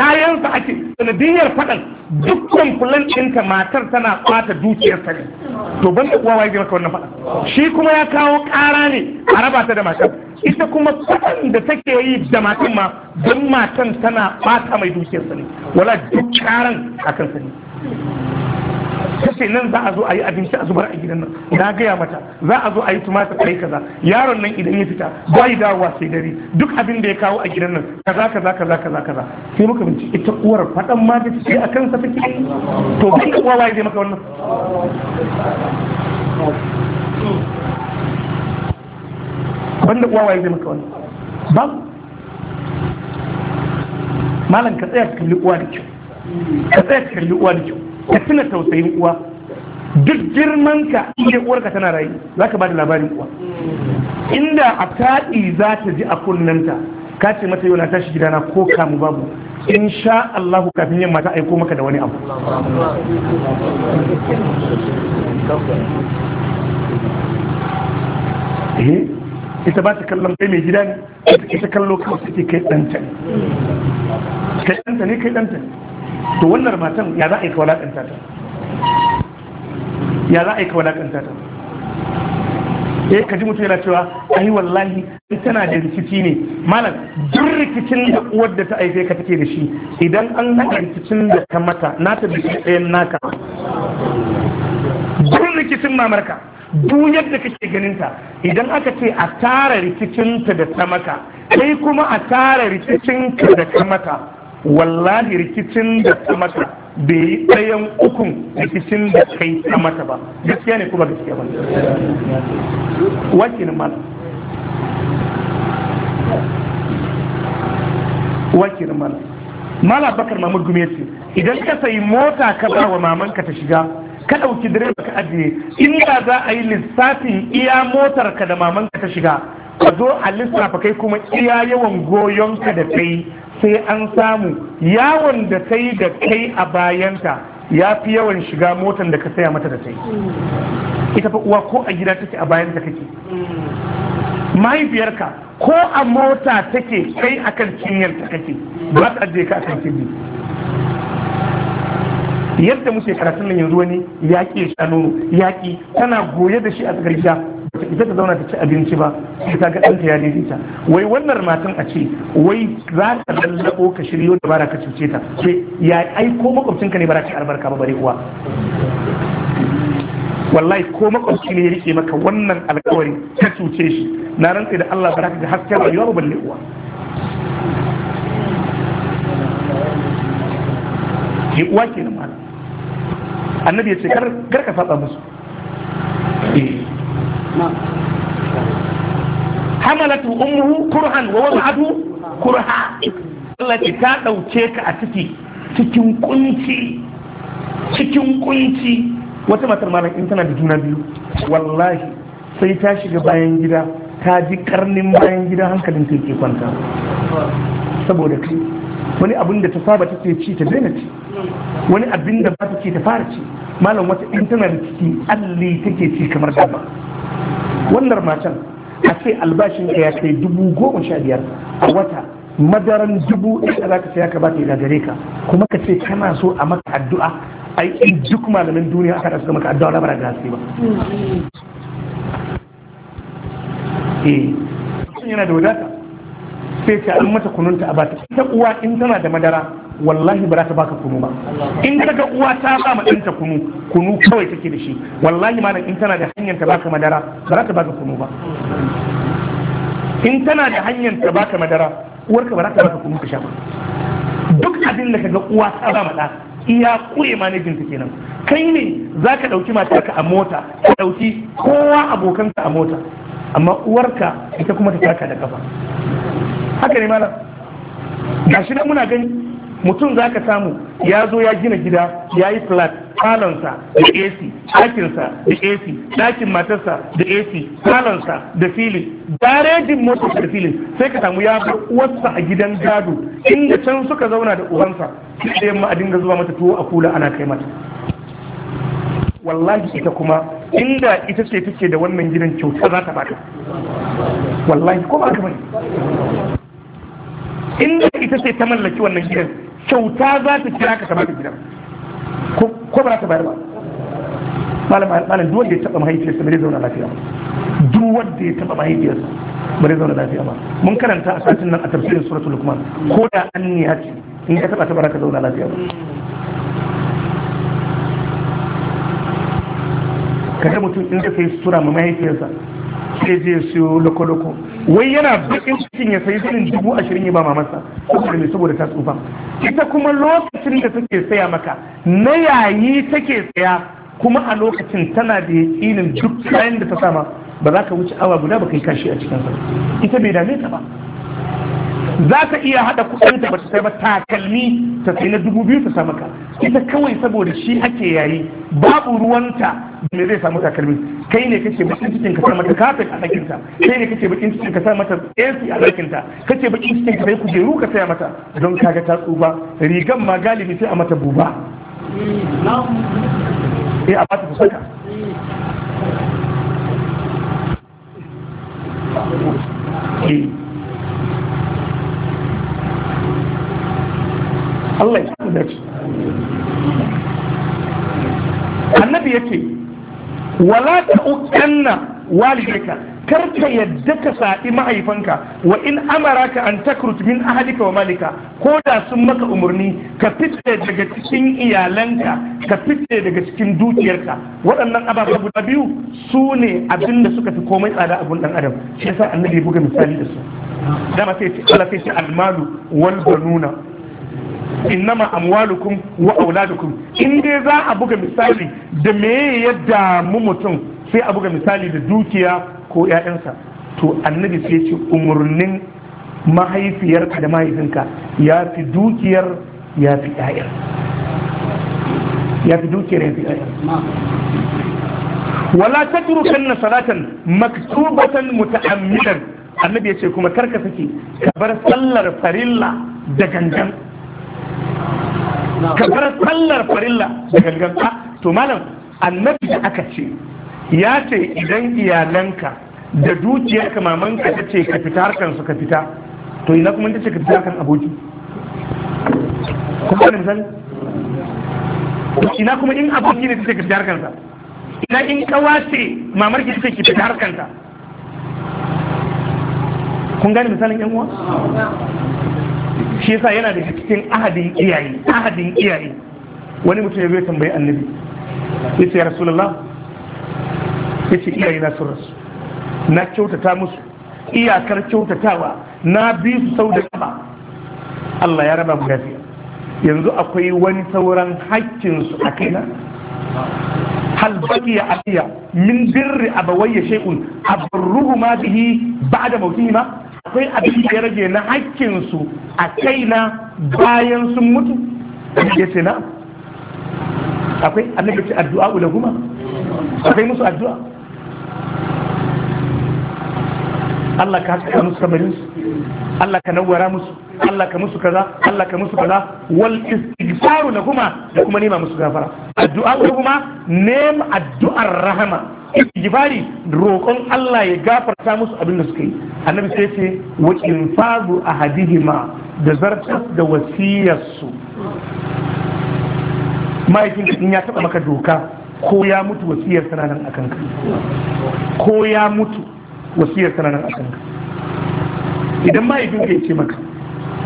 Speaker 1: kayan sa ake sanadiyar fadan duk kumfulan ɗinta matar tana ɓata dukiyar sa ne to ban uwa waje maka wannan faɗin shi kuma ya kawo ƙara ne a raba ta da matar ita kuma faɗan da take yi da matan ma don matan tana ɓata mai dukiyar sa ne wala duk ƙaran akan sa ne ta ce nan za a zo a yi abinci a zubar a gidan nan na gaya mata za a zo a yi tumatir a yi kaza yaron nan idan ya fita ba yi dawowa sai dare duk abin da ya kawo a gidan nan kaza kaza kaza kaza kaza sai muka binci ita uwar faɗan ma da ce a kansa take to ban uwa waye zai maka wannan banda uwa waye zai maka wannan ba malam ka tsaya ka kalli uwa da kyau ka tsaya ka kalli uwa da kyau ka tuna tausayin uwa duk girman ka iya ka tana rayu za ka ba da labarin uwa inda a taɗi za ta ji a kunnanta ka ce mata yau na tashi gidana ko kamu babu in sha Allah kafin yamma ta aiko maka da wani abu eh, ita ba ta kallon kai mai gida ne ita kallo kawai suke kai ɗanta
Speaker 2: ne
Speaker 1: kai ɗanta ne kai ɗanta ne to wannan matan ya za a yi kawalakanta ta ya za a yi kawalakanta ta eh kaji mutum yana cewa ai wallahi tana da rikici ne malam duk rikicin da uwar da ta aife ka take da shi idan an haɗa rikicin da ta mata na ta shi ɗayan naka duk rikicin mamarka duk yadda kake ganinta idan aka ce a tara rikicinta da ta maka kai kuma a tara rikicinta da ta mata wallahi rikicin da ta mata bai yi ɗayan ukun rikicin da kai ta mata ba gaskiya ne kuma gaskiya ba wakilin mala wakilin mala mala bakar mamud gume ce idan ka sayi mota ka ba wa mamanka ta shiga ka ɗauki direba ka ajiye inda za a yi lissafin iya motar ka da mamanka ta shiga ka zo a lissafa kai kuma iya yawan goyon ka da kai sai an samu yawon da ta yi da kai a bayanta ya fi yawan shiga motar da ka saya mata da ta yi ita fa uwa ko a gida take a bayanta kake mahaifiyarka ko a mota take kai akan cinyar ta kake ba ta ajiye ka akan cinyar? yadda muke karatun nan yanzu wani yaƙi ya shanu yaƙi tana goye da shi a tsakar ita ta zauna ta ci abinci ba sai ta ga ɗanta ya daidaita wai wannan matan a ce wai za ka lallabo ka shiryo da bara ka cuce ta sai ya ai ko makwabcinka ne bara ka albarka ba bare uwa wallahi ko makwabci ne ya rike maka wannan alkawari ka cuce shi na rantsi da Allah baraka ga hasken rayuwa ba balle uwa ke uwa ke nan malam annabi ya ce kar ka faɗa musu eh. hamalatu ummuhu kurhan wa wada'atu kurha Allah ta dauke ka a ciki cikin kunci cikin kunci wata matar malam in tana da juna biyu wallahi sai ta shiga bayan gida ta ji karnin bayan gida hankalin ta ke kwanta saboda kai wani abin da ta saba take ci ta daina ci wani abin da ba ta ci ta fara ci malam wata in tana da ciki alli take ci kamar dabba wannan matan a ce albashin ka ya kai dubu goma sha biyar a wata madaran dubu ɗaya za ka saya ka bata ina gare ka kuma ka ce kana so a maka addu'a ai in duk malamin duniya aka rasu maka addu'a na bara ba eh yana da wadata sai ta an mata kununta a bata ita uwa in tana da madara wallahi ba za ta baka kunu ba in ga uwa ta ba ma ɗanta kunu kunu kawai take da shi wallahi ma in tana da hanyar ta baka madara ba za ta baka kunu ba in tana da hanyar ta baka madara uwarka ba za ta baka kunu ka sha ba duk abin da ga uwa ta ba ma ɗa iya kure manajin ta kenan kai ne za ka ɗauki matarka a mota ka ɗauki kowa abokansa a mota amma uwarka ita kuma ta taka da kafa haka ne malam gashi nan muna gani mutum za ka samu ya zo ya gina gida ya yi flat falonsa da ac ɗakinsa da ac ɗakin matarsa da ac falonsa da filin garejin motsa da filin sai ka samu ya bar uwarsa a gidan gado inda can suka zauna da uwansa sai yamma a dinga zuwa mata tuwo a kula ana kai mata wallahi ita kuma inda ita ce take da wannan gidan kyauta za ta baka wallahi ko ba ka bane inda ita ce ta mallaki wannan gidan kyauta za ta kira ka ta gidan ko ba za ta bayar ba malam duk wanda ya taba sa bai zauna lafiya ba duk wanda ya taba sa bai zauna lafiya ba mun karanta a satin nan a tafsirin suratul lukman ko da an niya ce in ka taba ta baraka zauna lafiya ba Kada mutum in zai kai sura ma mahaifiyarsa sai je siyo loko-loko wai yana bakin cikin ya sayi zanin dubu ashirin ya ba masa saboda mai saboda ta tsufa ita kuma lokacin da take saya maka na yayi take saya kuma a lokacin tana da yaƙinin duk kayan da ta sama ba za ka wuce awa guda ba kai kashi a cikin sa ita bai dame ta ba za ta iya haɗa kuɗin da bata sai ba takalmi ta sai na dubu biyu ta samu maka, ita kawai saboda shi ake yayi babu ruwanta me zai samu takalmi kai ne kace bakin cikin ka sa mata kafin a ɗakin ta kai ne kace bakin cikin ka sa mata AC a ɗakin ta kace bakin cikin ka sai kujeru ka saya mata don kaga ta tsufa rigan ma galibi sai a mata buba eh a bata saka
Speaker 2: Thank eh. you.
Speaker 1: Allah ya ce. shi annabi ce, wala ta'ukanna walidaka kar ka yadda ka saɗi mahaifanka wa in amaraka an takrut min ahalika wa malika ko da sun maka umarni ka fice daga cikin iyalanka ka fice daga cikin dukiyarka waɗannan ababa guda biyu su ne abin da suka fi komai tsada a gun ɗan adam shi yasa annabi buga misali da su dama sai ce Allah sai ce almalu wal banuna innama amwalukum wa auladukum in dai za a buga misali da me ya damu mutum sai a buga misali da dukiya ko ƴaƴansa to annabi sai ce umurnin mahaifiyarka da mahaifinka ya fi dukiyar ya fi ƴaƴa ya fi dukiyar ya fi ƴaƴa wala tatrukanna salatan maktubatan muta'ammidan annabi ya ce kuma karka sake ka bar sallar farilla da gangan ka bar sallar farilla da gangan to malam annabi da aka ce ya ce idan iyalanka da dukiyarka mamanka ta ce ka fita harkan ka fita to ina kuma ta ce ka fita harkan aboki kuma ne misali ina kuma in aboki ne ta ce ka fita harkan sa ina in kawa ce mamar ki ta ce ki fita harkan kun gane misalin yan uwa shi yasa yana da cikin ahadin iyaye ahadin iyaye wani mutum ya zo tambayi annabi ya ya rasulullah ya ce iyaye na sun rasu na kyautata musu iyakar kyautatawa na bi su sau da kama Allah ya raba mu lafiya yanzu akwai wani sauran haƙƙinsu a kaina hal baqiya aliya min birri abawayya shay'un abarruhuma bihi ba'da ma. akwai abin da ya rage na hakkinsu a kaina bayan sun mutu ya ce na akwai annabi ce addu'a ulaguma akwai musu addu'a Allah ka haskaka musu kabarin su Allah ka nawara musu Allah ka musu kaza Allah ka musu kaza wal istighfaru kuma da kuma nema musu gafara addu'a kuma nema addu'ar rahama istighfari roƙon Allah ya gafarta musu abin da suka yi annabi sai ce wa infazu ahadihima da zartas da wasiyarsu mahaifin in ya taɓa maka doka ko ya mutu wasiyar sananan akan ka ko ya mutu wasiyar tana nan a kanka idan mahaifinka ya ce maka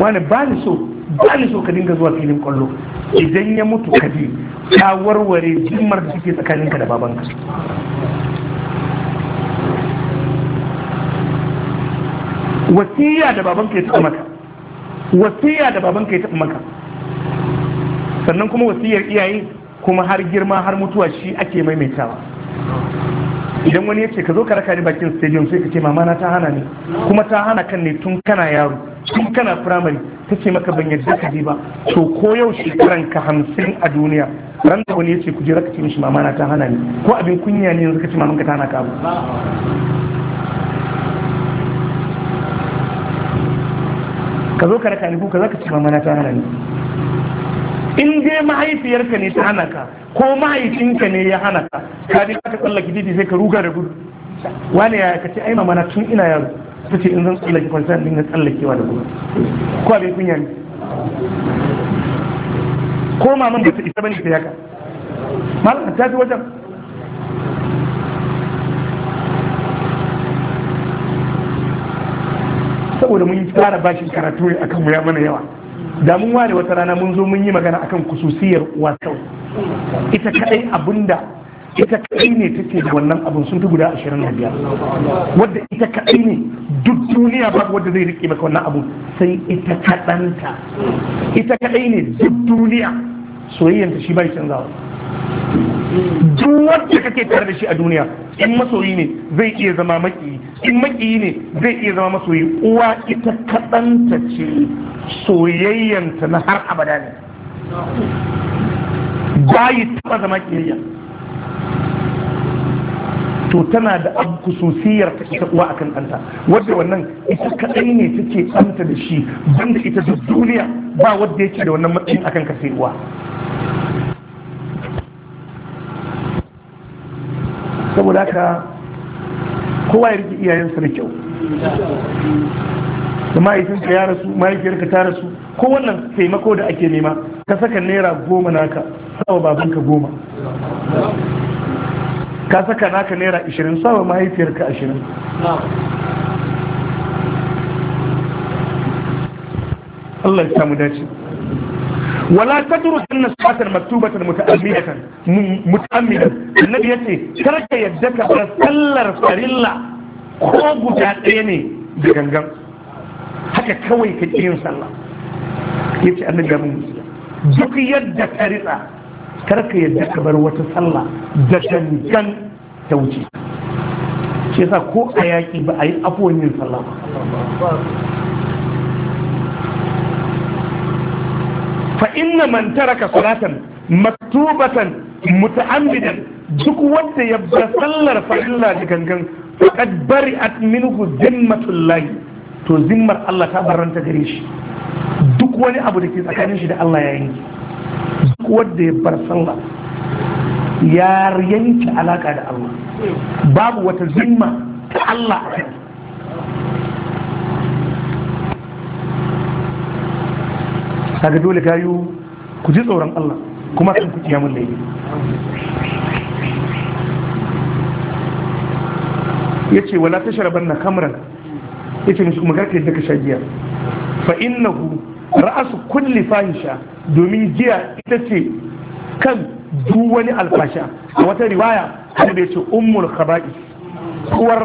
Speaker 1: wani ba ni so ba ni so ka dinga zuwa filin kwallo idan ya mutu ka ta warware jimmar da suke tsakaninka da babanka wasiya da babanka ya taɓa maka wasiya da babanka ya taɓa maka sannan kuma wasiyar iyaye kuma har girma har mutuwa shi ake maimaitawa idan wani yace ka zo ka raka ni bakin stadium sai ka ce mama na ta hana ni kuma ta hana kan ne tun kana yaro tun kana primary ta ce maka ban yadda ka je ba to ko yau shekaran ka hamsin a duniya ran da wani yace ku je raka ce mishi mama na ta hana ni ko abin kunya ne yanzu ka ce mamanka ta hana ka abu ka zo ka raka ni ko ka zaka ce mama na ta hana ni in dai mahaifiyarka ne ta hana ka ko mahaifinka ne ya hana ka ka ji ka tsallake didi sai ka ruga da gudu wani ya kace ai mana tun ina yaro ta ce in zan tsallake kwanciyar dinga tsallakewa da gudu ko abin kunya ne ko maman ba ta isa bane ta yaka malam ta ji wajen saboda mun yi tsara bashin karatu kan mu ya mana yawa da mun ware wata rana mun zo mun yi magana akan kususiyar wasau. ita kadai abinda ita kadai ne take da wannan abun sun fi guda ashirin da biyar wadda ita kadai ne duk duniya ba wadda zai rike maka wannan abun. sai ita kadanta ita kadai ne duk duniya soyayyanta shi bai canzawa duk wanda kake tare da shi a duniya in masoyi ne zai iya zama makiyi in makiyi ne zai iya zama masoyi uwa ita kaɗanta ce soyayyanta na har abada ne bayi taɓa zama kiyayya to tana da abkususiyar ta ita uwa akan ɗanta wadda wannan ita kaɗai ne take ɗanta da shi banda ita da duniya ba wadda yake da wannan matsayin akan ka uwa saboda haka kowa ya rike iyayensa da kyau da mahaifinka ya rasu mahaifiyarka ta rasu ko wannan taimako da ake nema ka saka naira goma naka sawa babanka goma ka saka naka naira ashirin sawa mahaifiyarka ashirin Allah ya samu dace wala tadru anna salatan maktubatan muta'ammidatan muta'ammidan annabi yace karka yadda ka bar sallar farilla ko guda ɗaya ne da gangan haka kawai ka yin sallah duk yadda ka ritsa karka yarda ka bar wata sallah da gangan ta wuce yasa ko a yaƙi ba a yi afuwan yin sallah fa inna man taraka salatan maktubatan muta'ammidan duk wanda ya bar sallar farilla da gangan faqad bari'at minhu zimmatul lahi to zimmar Allah ta barranta gare shi duk wani abu da ke tsakanin shi da Allah ya yanki duk wanda ya bar sallah ya yanke alaka da Allah babu wata zimma ta Allah a kaga dole gayu ku ji tsoron Allah kuma kan ku kiyamun Ya ce, wala tashraban na Ya ce, musu kuma karka yadda ka sha giya fa hu ra'asu kulli fahisha domin giya ita ce kan du wani alfasha a wata riwaya annabi yace ummul khaba'i uwar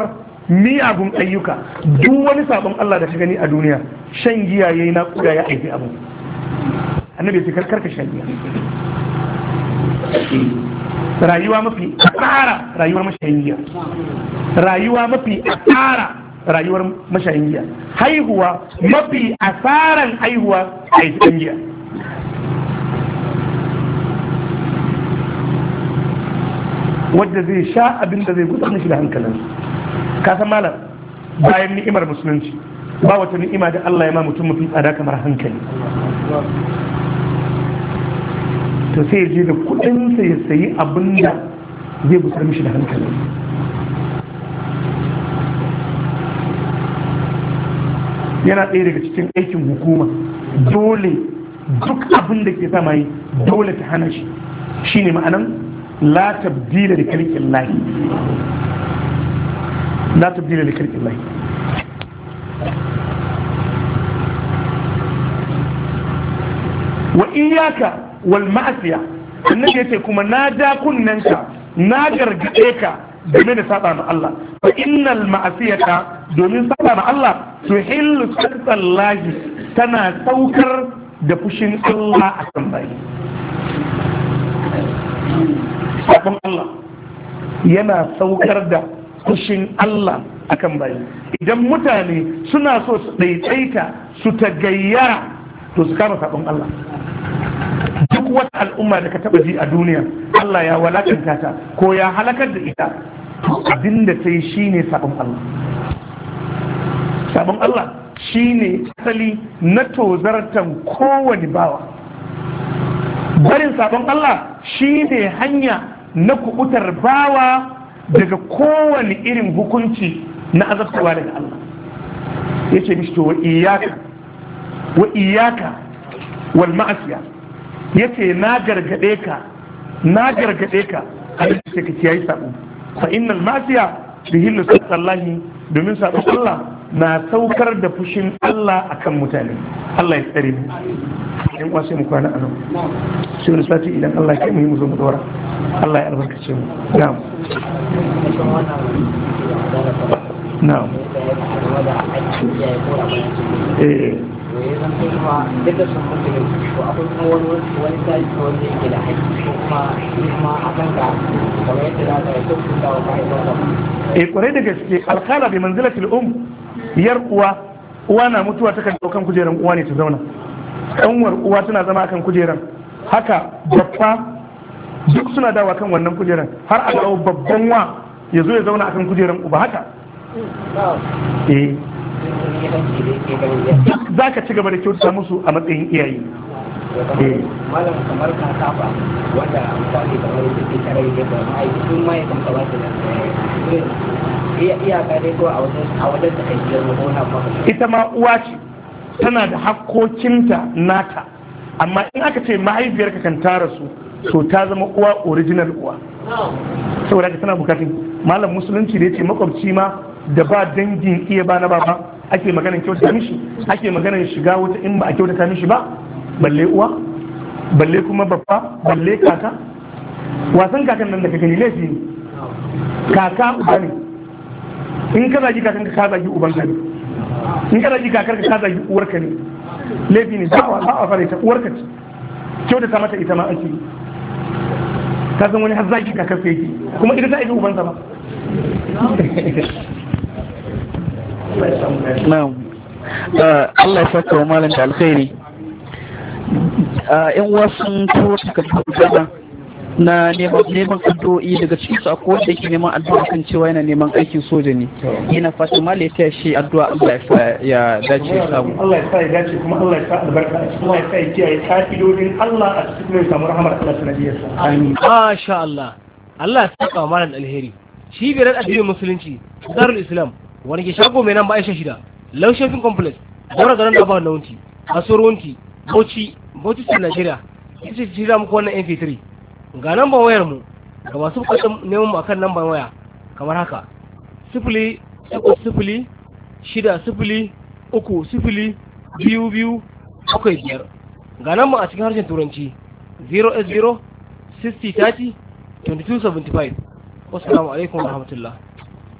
Speaker 1: miyagun ayyuka duk wani sabon Allah da ka gani a duniya shan giya yayi na kuda ya aiki abu annabi sai karkar ka shariya rayuwa mafi tsara rayuwar mashayiya rayuwa mafi tsara rayuwar mashayiya haihuwa mafi asaran haihuwa a yi tsangiya wadda zai sha abin da zai gudanar shi da hankalin kasan malam bayan ni'imar musulunci ba wata ni'ima da Allah ya ma mutum mafi tsada kamar hankali to sai je da kudinsa ya sayi abin da zai busar mishi da hankali yana ɗaya daga cikin aikin hukuma dole duk abin da ke sama yi dole ta hana shi shine ma'anan la tabdila da kalkin lahi wa iyaka wal ma'asiya annabi yace kuma na ja kunnanka na gargaɗe ka game da saba ma Allah fa innal ma'asiyata domin saba ma Allah tuhillu sarfallahi tana saukar da fushin Allah a kan sabon Allah yana saukar da fushin Allah a kan idan mutane suna so su ɗaiɗaita su ta gayyara to su kama sabon Allah duk wata al'umma da ka taba ji a duniya Allah ya walakanta ta ko ya halakar da ita abinda ta yi shine sabon Allah sabon Allah shine asali na tozartan kowane bawa barin sabon Allah shine hanya na kubutar bawa daga kowane irin hukunci na azabtawa daga Allah yace mishi to wa iyaka wa iyaka wal ma'asiya yace na gargaɗe ka na gargaɗe ka yi sai ka kiyaye sabo fa innal masiya bihillu sallallahi domin sabo Allah na saukar da fushin Allah akan mutane Allah ya tsare mu in kwashe mu kwana anan sai wani sati idan Allah ya mu zo mu dora Allah ya albarkace mu na'am na'am
Speaker 2: eh to da sun mutu ne akwai wani yake da ko kuma yadda za
Speaker 1: yi kwarai da gaske alkala bi manzilatil um Yar uwa uwa na mutuwa takan daukan kujeran uwa ne ta zauna kanwar uwa tana zama kan kujeran haka babba duk suna dawa kan wannan kujeran har a babban wa ya zo ya zauna akan kujeran uba haka eh za ka ci gaba da kyauta musu a matsayin iyaye ita ma uwa ce tana da hakkokinta nata amma in aka ce mahaifiyarka kan tara su to ta zama uwa original uwa saboda ka tana bukatun malam musulunci da ya ce makwabci ma da ba dangin iya ba na baba ake kyauta ta mishi ake maganar shiga wuta in ba a kyautata mishi ba balle uwa balle kuma babba balle kaka wasan kakan nan da ka gani laifi ne kaka uba ne in ka zagi kakan ka zagi uban ka ne in ka zagi kakar ka zagi uwar ka ne laifi ne ba a fara ita uwar ka ce kyautata mata ita ma ake ka san wani har zagi kakar sai kuma ita ta aiki uban sa ba na'am ah, Allah ya saka wa malam da alkhairi in ah, wasu na neman addu'o'i daga cikin su akwai wanda yake neman addu'a kan cewa yana neman aikin soja ne yana fata mali ya shi addu'a Allah ya ya dace ya samu Allah ya sa ya dace kuma Allah ya sa albarka a ya sa ya kiyaye Allah ya saka wa malam alheri shi biran addinin musulunci darul islam wani ke shago mai nan ba aisha shida lau shopping complex gora garin da ba na wunti kasuwar wunti bauchi bauchi state nigeria ita ce shirya muku wannan mp3 ga namban wayar mu ga masu bukatar neman mu akan namban waya kamar haka sifili takwas sifili shida sifili uku sifili biyu biyu bakwai biyar ga nan mu a cikin harshen turanci 0s0 6030 2275 wasu alaikum wa
Speaker 2: rahmatullah